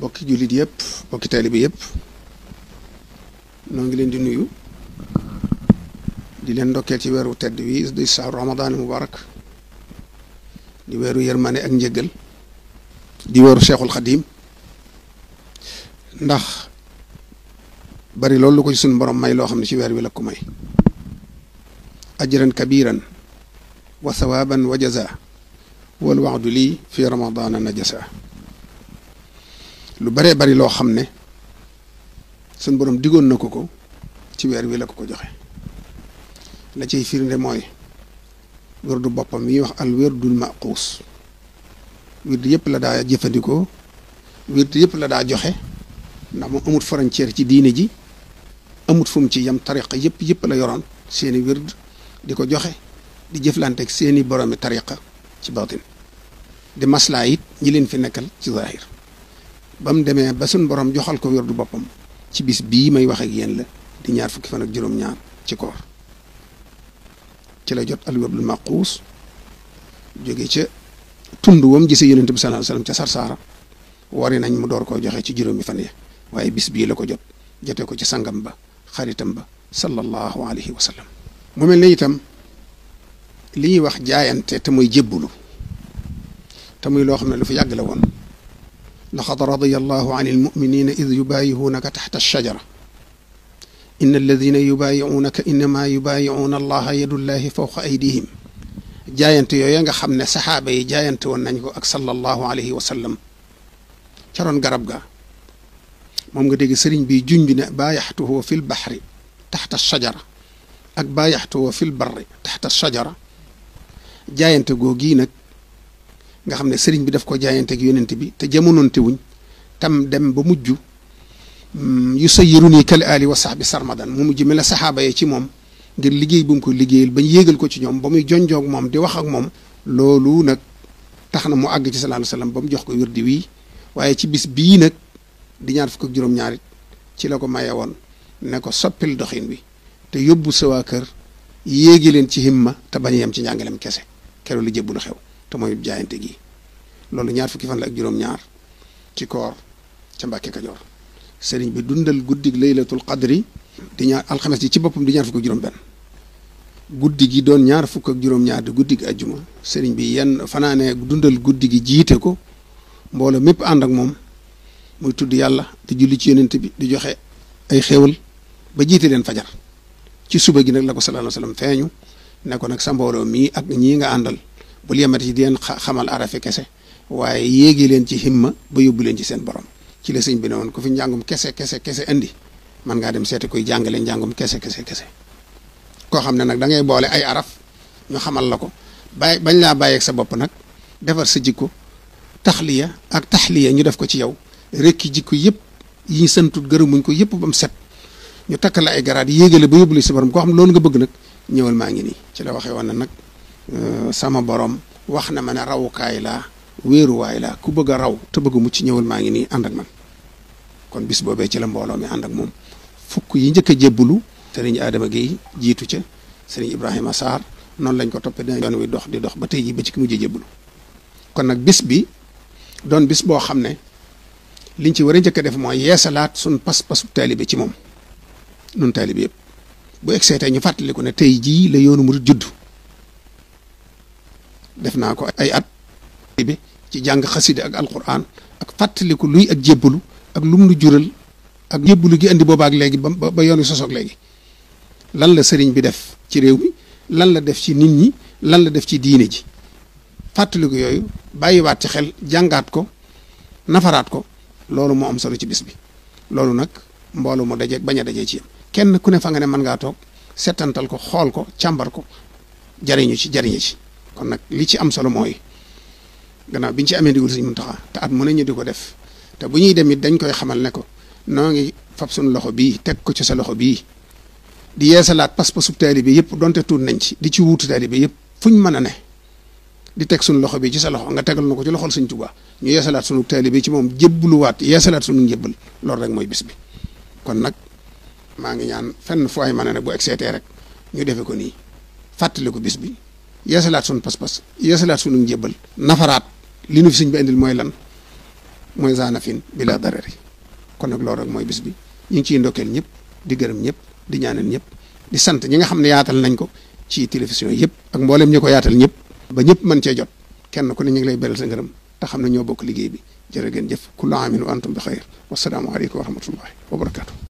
bokki jullit yëpp bokki taalibe yëpp noo ngi leen di nuyu di leen ndokkeel ci weeru tedd wi di saaru mu mubaarak di weeru yërmande ak njëggal di weeru cheikhul xadim ndax bari loolu ko ci suñu borom may loo xam ne ci weer wi la ko may ajran kabiran wa sawaban wa jaza wal du lii fi ramadana najasa lu baree bari loo xam ne suñ borom diggoon na ko ko ci weer wi la ko ko joxe la ciy firnde mooy wérdu boppam yi wax al wérdul maquus wérdu yëpp la daa jëfandikoo wérdu yëpp la daa joxe ndax mu moom amut frontière ci diine ji amut fu ci yam tariqa yëpp yëpp la yoroon seeni wérd di ko joxe di jëflante ak seeni boromi tariqa ci baatin di maslaa it ñi leen fi nekkal ci zahir ba mu demee ba suñ boroom joxal ko wérdu boppam ci bis bii may wax ak yéen la di ñaar fukki fan ak juróom-ñaar ci koor ci la jot al wérdul maquus jóge ca tund wam gisee yonent bi sallallahu alayhi wasallam ca sarsaara nañ mu door koo joxe ci juróomi fan ya waaye bis bii la ko jot jote ko ci sangam ba xaritam ba sallallahu alayhi wa mel ne li ñuy wax jaayante te muy jébbulu te muy loo xam ne lu fi yàgg la woon laqad radiya allahu an almuminina id yubaayihuunaka taxta alshajara in alladina yubaayiuunaka innama yubaayiuuna allaha yadullahi fawqa aydihim jaayante yooya nga xam ne saxaaba yi jaayante woon nañ ko ak sallallahu alayhi wa sallam ca roon garab ga moom nga dégg sëriñ bi junj ne baayaxtuhu fi lbaxri taxta shajara ak baayaxtuhu fi lbarri taxta shajara jaayante goo gii nag nga xam ne sëriñ bi daf ko jaayante ak yonent bi te jamonoonte wuñ tam dem ba mujj mm, yu sa yëru nii kal ali wa sahbi sarmadan mu mujj mel ne saxaaba yi ci moom ngir liggéey bu mu ko liggéeyal bañ yéegal ko ci ñoom ba muy jonjoog moom di wax ak moom loolu nag tax na mu àgg ci sallallahu alayhi wasallam mu jox ko wirdi wii waaye ci bis bii nag di ñaar fukk ak juróom-ñaarit ci la ko maye woon ne ko soppil doxin bi te yóbbu sa waa kër yéegi leen ci himma te bañ yem ci njàngaleem kese keroog li jëbbu lu xew te mooy jaayante gi loolu ñaar fukki fan la ak juróom-ñaar ci koor ca Mbàkke Kajoor sëriñ bi dundal guddig laylatul qadri di ñaar alxames ji ci boppam di ñaar fukk ak juróom-benn guddi gi doon ñaar fukk ak juróom-ñaar di guddi ajjuma sëriñ bi yenn fanaane dundal guddi gi jiite ko mbooloo mépp ànd ak moom muy tudd yàlla di julli ci yonent bi di joxe ay xéewal ba jiite leen fajar ci suba gi nag la ko sallallahu alayhi feeñu ne nag sa mbooloo mii ak ñii nga àndal bul yemati ci di leen xamal arafe waaye yéegi leen ci himma ba yóbbu leen ci seen borom ci la sëñ bi ne woon ku fi njàngum kese kese kese andi man ngaa dem seeti koy jàngale njàngum kese kese kese koo xam ne nag da ngay boole ay araf ñu xamal la ko bàyyi bañ laa bàyyeeg sa bopp nag defar sa jikko taxliya ak taxliya ñu def ko ci yow rekki jikko yépp yi ñu gërëmuñ ko yépp bam set ñu takk la ay garaat yéegale ba yóbbu sa borom koo xam loolu nga bëgg nag ñëwal maa ngi nii ci la waxee woon euh, sama borom wax na ma ne wéeruwaay la ku bëgg raw te bëgg ci ñëwul maa ngi nii ànd ak man kon bis boobee ci la mbooloo mi ànd ak moom fukk yi njëkk a jébbalu sëriñ aadama gi jiitu ca sëriñ Ibrahima Sarr noonu lañ ko toppee dina yoon wi dox di dox ba tey ji ba ci ki mujjee jébbalu kon nag bis bi doon bis boo xam ne liñ ci war a njëkk a def mooy yeesalaat suñ pas-pasu taalibe ci moom nun taalibe yëpp bu egsee tey ñu fàttaliku ne tey jii la yoonu murid judd def naa ko ay at ci jàng xaside ak alquran ak fàttaliku luy ak jébbalu ak lum lu jural ak jébbalu gi andi boobaak léegi ba ba yoon wi sosoog léegi lan la sëriñ bi def ci réew mi lan la def ci nit ñi lan la def ci diine ji fàttaliku yooyu bàyyiwaat ci xel jàngaat ko nafaraat ko loolu moo am solo ci bis bi loolu nag mboolu mu dajeeg bañ a dajee ci yam kenn ku ne fa nga ne mën ngaa toog settantal ko xool ko càmbar ko jariñu ci jariñu ci kon nag li ci am solo mooy gannaaw bi ñu ci amee digul sëñ Muntaxa te at mu ne ñu di ko def te bu ñuy dem dañ koy xamal ne ko noo ngi fab suñu loxo bii teg ko ci sa loxo bii di yeesalaat pas-pasub taalibe yëpp donte tuut nañ ci di ci wuutu taalibe yëpp fuñ mën a ne di teg suñu loxo bi ci sa loxo nga tegal na ko ci loxol Sëñ Tuubaa ñu yeesalaat sunu taalibe ci moom jébbaluwaat yeesalaat sunu njébbal loolu rek mooy bis bi kon nag maa ngi ñaan fenn fu ay a ne bu exeetee rek ñu defe ko nii fàttali ko bis bi yeesalaat sunu pas-pas yeesalaat sunu njébbal nafaraat li nu fi bi indil mooy lan mooy zanafin bi la darari kon nag loolu rek mooy bis bi ñu ngi ciy ndokkeel ñëpp di gërëm ñëpp di ñaanal ñëpp di sant ñi nga xam ne yaatal nañ ko ci télévision yëpp ak mboolem ñi ko yaatal ñëpp ba ñëpp mën cee jot kenn ku ne ñu ngi lay beral sa ngërëm te xam ne ñoo bokk liggéey bi jërë ngeen jëf kullu aamin wa antum bi xayr wasalaamu aleykum wa rahmatullahi wa barakatu